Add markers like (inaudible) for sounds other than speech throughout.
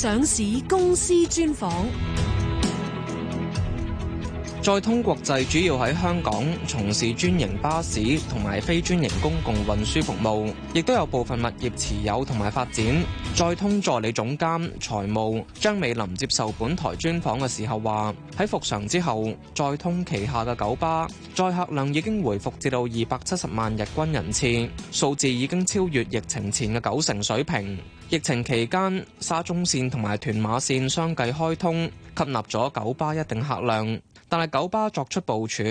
上市公司專訪。載通國際主要喺香港從事專營巴士同埋非專營公共運輸服務，亦都有部分物業持有同埋發展。載通助理總監財務張美霖接受本台專訪嘅時候話，喺復常之後載通旗下嘅九巴載客量已經回復至到二百七十萬日均人次，數字已經超越疫情前嘅九成水平。疫情期間沙中線同埋屯馬線相繼開通，吸納咗九巴一定客量。但係九巴作出部署，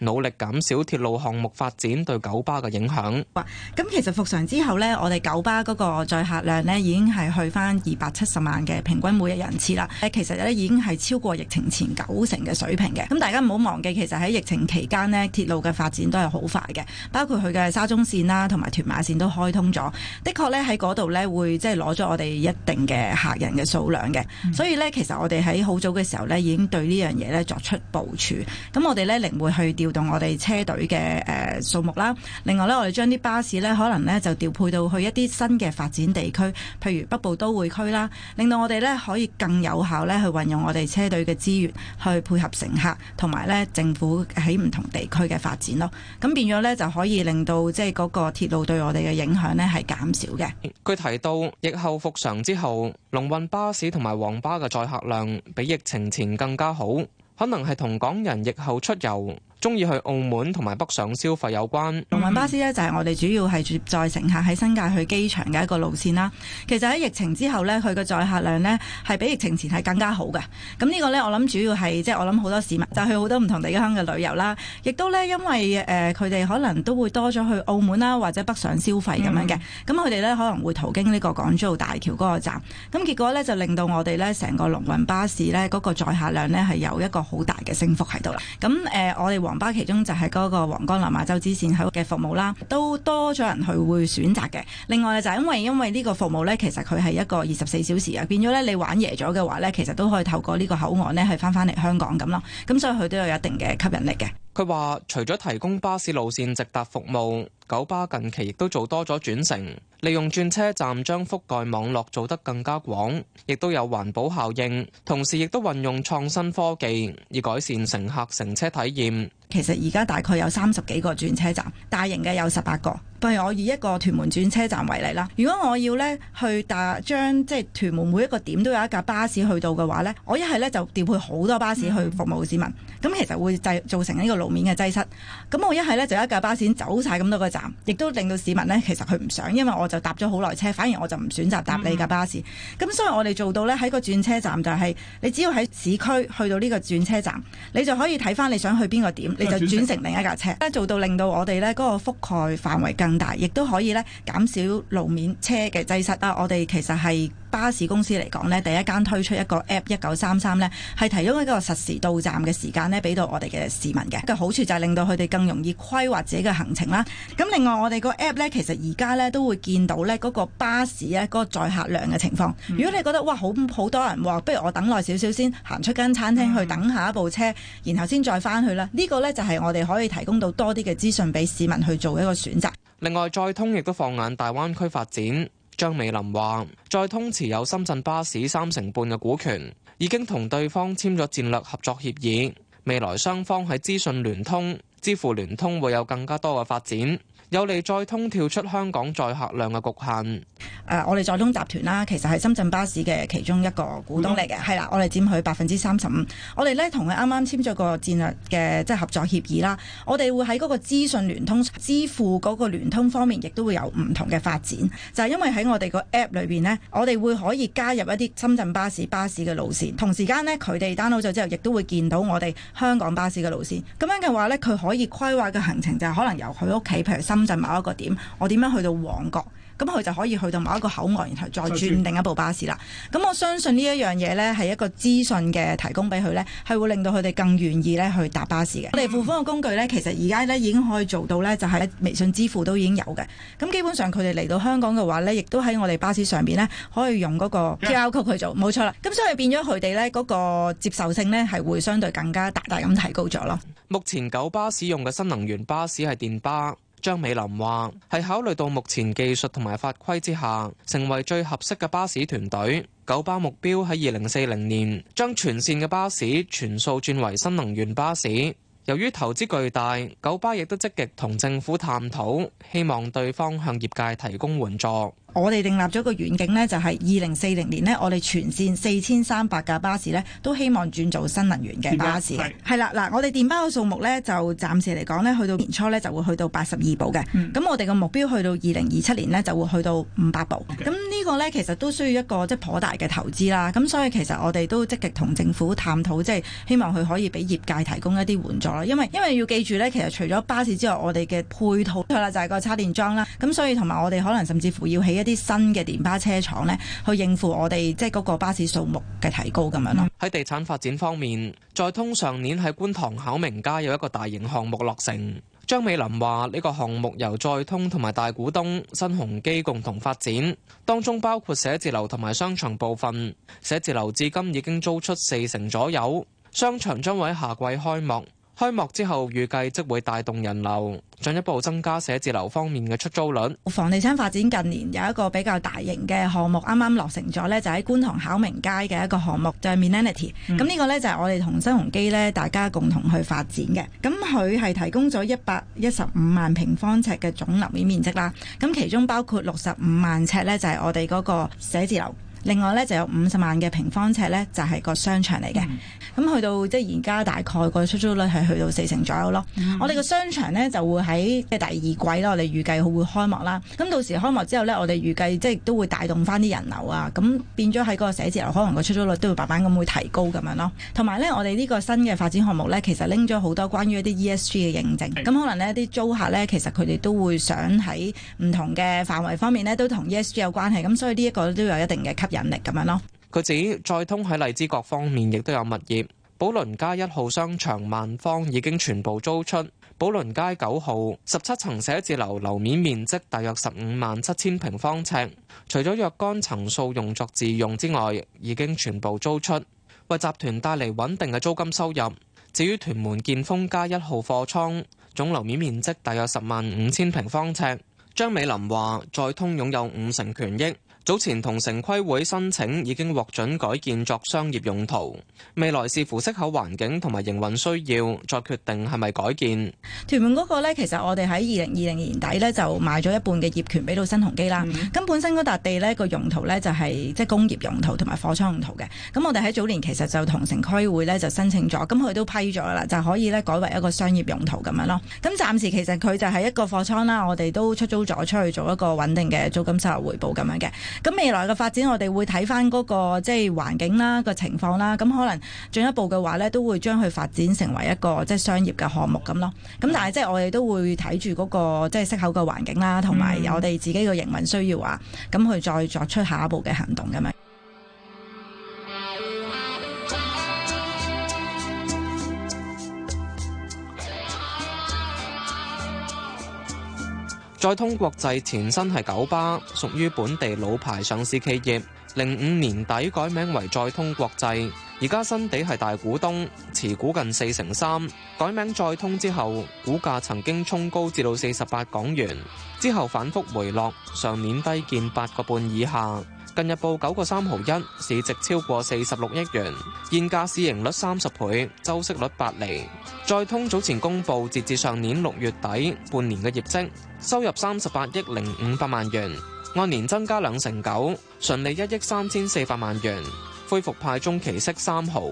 努力減少鐵路項目發展對九巴嘅影響。咁其實復常之後呢，我哋九巴嗰個載客量呢已經係去返二百七十萬嘅平均每日人次啦。誒，其實咧已經係超過疫情前九成嘅水平嘅。咁大家唔好忘記，其實喺疫情期間呢，鐵路嘅發展都係好快嘅，包括佢嘅沙中線啦，同埋屯馬線都開通咗。的確呢，喺嗰度呢會即係攞咗我哋一定嘅客人嘅數量嘅。嗯。所以呢，其實我哋喺好早嘅時候呢已經對呢樣嘢呢作出步部署咁，我哋呢，靈活去調動我哋車隊嘅誒數目啦。另外呢，我哋將啲巴士呢，可能呢就調配到去一啲新嘅發展地區，譬如北部都會區啦，令到我哋呢，可以更有效呢去運用我哋車隊嘅資源去配合乘客同埋呢政府喺唔同地區嘅發展咯。咁變咗呢，就可以令到即係嗰個鐵路對我哋嘅影響呢係減少嘅。佢提到疫後復常之後，龍運巴士同埋皇巴嘅載客量比疫情前更加好。可能係同港人疫後出遊，中意去澳門同埋北上消費有關。龍運巴士咧就係我哋主要係載乘客喺新界去機場嘅一個路線啦。其實喺疫情之後咧，佢嘅載客量咧係比疫情前係更加好嘅。咁呢個咧我諗主要係即係我諗好多市民就係、去好多唔同地方嘅旅遊啦。亦都咧因為誒佢哋可能都會多咗去澳門啦或者北上消費咁樣嘅。咁佢哋咧可能會途經呢個港珠澳大橋嗰個站。咁結果咧就令到我哋咧成個龍運巴士咧嗰個載客量咧係有一個好大嘅升幅喺度啦。咁誒、呃、我哋巴其中就係嗰個皇崗落馬洲支線口嘅服務啦，都多咗人去會選擇嘅。另外就係因為因為呢個服務咧，其實佢係一個二十四小時啊，變咗咧你玩夜咗嘅話咧，其實都可以透過呢個口岸咧係翻翻嚟香港咁咯。咁所以佢都有一定嘅吸引力嘅。佢話：除咗提供巴士路線直達服務，九巴近期亦都做多咗轉乘，利用轉車站將覆蓋網絡做得更加廣，亦都有環保效應，同時亦都運用創新科技以改善乘客乘車體驗。其實而家大概有三十幾個轉車站，大型嘅有十八個。譬如我以一個屯門轉車站為例啦，如果我要咧去搭將即係屯門每一個點都有一架巴士去到嘅話咧，我一係咧就調配好多巴士去服務市民，咁、嗯、其實會製造成呢個路面嘅擠塞。咁我一係咧就一架巴士走晒咁多個站，亦都令到市民咧其實佢唔想，因為我就搭咗好耐車，反而我就唔選擇搭你架巴士。咁、嗯、所以我哋做到咧喺個轉車站就係、是、你只要喺市區去到呢個轉車站，你就可以睇返你想去邊個點，你就轉乘另一架車。嗯、做到令到我哋咧嗰個覆蓋範圍更大，亦都可以咧減少路面車嘅擠塞啊！我哋其實係巴士公司嚟講咧，第一間推出一個 app 一九三三咧，係提供一個實時到站嘅時間咧，俾到我哋嘅市民嘅一個好處就係令到佢哋更容易規劃自己嘅行程啦。咁、啊、另外我哋個 app 呢，其實而家咧都會見到咧嗰個巴士咧嗰、嗰個載客量嘅情況。如果你覺得哇好好多人、哦，不如我等耐少少先行出間餐廳去等下一部車，然後先再翻去啦。呢、呢個呢就係、係、我哋可以提供到多啲嘅資訊俾市民去做一個選擇。另外，載通亦都放眼大灣區發展。張美霖話載通持有深圳巴士三成半嘅股權，已經同對方簽咗戰略合作協議，未來雙方喺資訊聯通、支付聯通會有更加多嘅發展。有利載通跳出香港載客量嘅局限。誒，uh, 我哋載通集團啦，其實係深圳巴士嘅其中一個股東嚟嘅，係啦、mm hmm.，我哋佔佢百分之三十五。我哋咧同佢啱啱簽咗個戰略嘅即係合作協議啦。我哋會喺嗰個資訊聯通、支付嗰個聯通方面亦都會有唔同嘅發展。就係、是、因為喺我哋個 App 裡邊呢，我哋會可以加入一啲深圳巴士巴士嘅路線，同時間呢，佢哋 download 咗之後，亦都會見到我哋香港巴士嘅路線。咁樣嘅話呢，佢可以規劃嘅行程就係可能由佢屋企，譬如深。就某一個點，我點樣去到旺角？咁佢就可以去到某一個口岸，然後再轉另一部巴士啦。咁我相信呢一樣嘢呢，係一個資訊嘅提供俾佢呢，係會令到佢哋更願意呢去搭巴士嘅。 (noise) 我哋付款嘅工具呢，其實而家呢已經可以做到呢，就係微信支付都已經有嘅。咁基本上佢哋嚟到香港嘅話呢，亦都喺我哋巴士上邊呢，可以用嗰個 QR Code 去做，冇錯啦。咁所以變咗佢哋呢嗰、嗰個接受性呢，係會相對更加大大咁提高咗咯。目前九巴使用嘅新能源巴士係電巴。張美霖話：係考慮到目前技術同埋法規之下，成為最合適嘅巴士團隊。九巴目標喺二零四零年將全線嘅巴士全數轉為新能源巴士。由於投資巨大，九巴亦都積極同政府探討，希望對方向業界提供援助。我哋定立咗個遠景咧，就係二零四零年咧，我哋全線四千三百架巴士咧，都希望轉做新能源嘅巴士。係係啦，嗱對，我哋電巴嘅數目咧，就暫時嚟講咧，去到年初咧就會去到八十二部嘅。咁、嗯、我哋嘅目標去到二零二七年咧就會去到五百部。咁 Okay. 呢個咧其實都需要一個即係頗大嘅投資啦。咁所以其實我哋都積極同政府探討，即係希望佢可以俾業界提供一啲援助啦。因為因為要記住咧，其實除咗巴士之外，我哋嘅配套啦就係個插電樁啦。咁所以同埋我哋可能甚至乎要起。一啲新嘅電巴車廠咧，去應付我哋即係嗰個巴士數目嘅提高咁樣咯。喺地產發展方面，載通上年喺觀塘考明街有一個大型項目落成。張美霖話呢個項目由載通同埋大股東新鴻基共同發展當中，包括寫字樓同埋商場部分。寫字樓至今已經租出四成左右，商場將會喺夏季開幕。開幕之後，預計即會帶動人流，進一步增加寫字樓方面嘅出租率。房地產發展近年有一個比較大型嘅項目，啱啱落成咗咧，就喺、是、觀塘巧明街嘅一個項目，嗯、就係 Millennity。咁呢個咧就係我哋同新鴻基咧，大家共同去發展嘅。咁佢係提供咗一百一十五萬平方尺嘅總樓面面積啦。咁其中包括六十五萬尺咧，就係我哋嗰個寫字樓。另外咧就有五十萬嘅平方尺咧就係、是、個商場嚟嘅，咁、嗯、去到即係而家大概個出租率係去到四成左右咯。嗯、我哋個商場咧就會喺即係第二季咯，我哋預計會開幕啦。咁到時開幕之後咧，我哋預計即係都會帶動翻啲人流啊，咁變咗喺嗰個寫字樓可能個出租率都會慢慢咁會提高咁樣咯。同埋咧，我哋呢個新嘅發展項目咧，其實拎咗好多關於一啲 ESG 嘅認證，咁、嗯、可能呢啲租客咧，其實佢哋都會想喺唔同嘅範圍方面咧都同 ESG 有關係，咁所以呢一個都有一定嘅引力咁樣咯。佢指載通喺荔枝角方面亦都有物業，寶輪街一號商場萬方已經全部租出。寶輪街九號十七層寫字樓樓面面積大約十五萬七千平方尺，除咗若干層數用作自用之外，已經全部租出，為集團帶嚟穩定嘅租金收入。至於屯門建豐街一號貨倉，總樓面面積大約十萬五千平方尺。張美霖話，載通擁有五成權益。早前同城規會申請已經獲准改建作商業用途，未來視乎息口環境同埋營運需要再決定係咪改建。屯門嗰個咧，其實我哋喺二零二零年底呢就賣咗一半嘅業權俾到新鴻基啦。咁、嗯、本身嗰笪地呢個用途呢，就係即係工業用途同埋貨倉用途嘅。咁我哋喺早年其實就同城規會呢就申請咗，咁佢都批咗啦，就可以呢改為一個商業用途咁樣咯。咁暫時其實佢就係一個貨倉啦，我哋都出租咗出去做一個穩定嘅租金收入回報咁樣嘅。咁未來嘅發展，我哋會睇翻嗰個即係環境啦，這個情況啦，咁可能進一步嘅話咧，都會將佢發展成為一個即係商業嘅項目咁咯。咁但係即係我哋都會睇住嗰個即係息口嘅環境啦，同埋我哋自己嘅營運需要啊，咁去再作出下一步嘅行動咁樣。載通國際前身係九巴，屬於本地老牌上市企業。零五年底改名為載通國際，而家新地係大股東，持股近四成三。改名載通之後，股價曾經衝高至到四十八港元，之後反覆回落，上年低見八個半以下。近日報九個三毫一，市值超過四十六億元，現價市盈率三十倍，周息率八厘。載通早前公布截至上年六月底半年嘅業績，收入三十八億零五百萬元，按年增加兩成九，純利一億三千四百萬元。恢復派中期息三毫。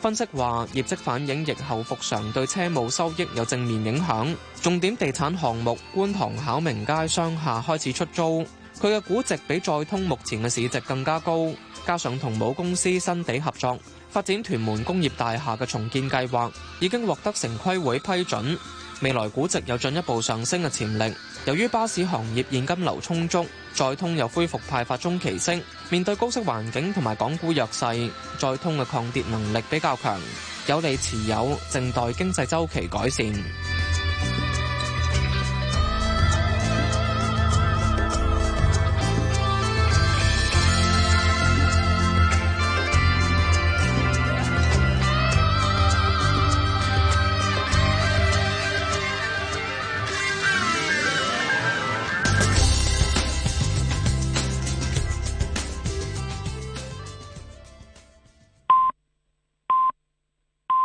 分析話業績反映疫後復常對車務收益有正面影響，重點地產項目觀塘巧明街商廈開始出租。佢嘅估值比載通目前嘅市值更加高，加上同母公司新地合作發展屯門工業大廈嘅重建計劃，已經獲得城規會批准，未來估值有進一步上升嘅潛力。由於巴士行業現金流充足，載通又恢復派發中期息，面對高息環境同埋港股弱勢，載通嘅抗跌能力比較強，有利持有，靜待經濟周期改善。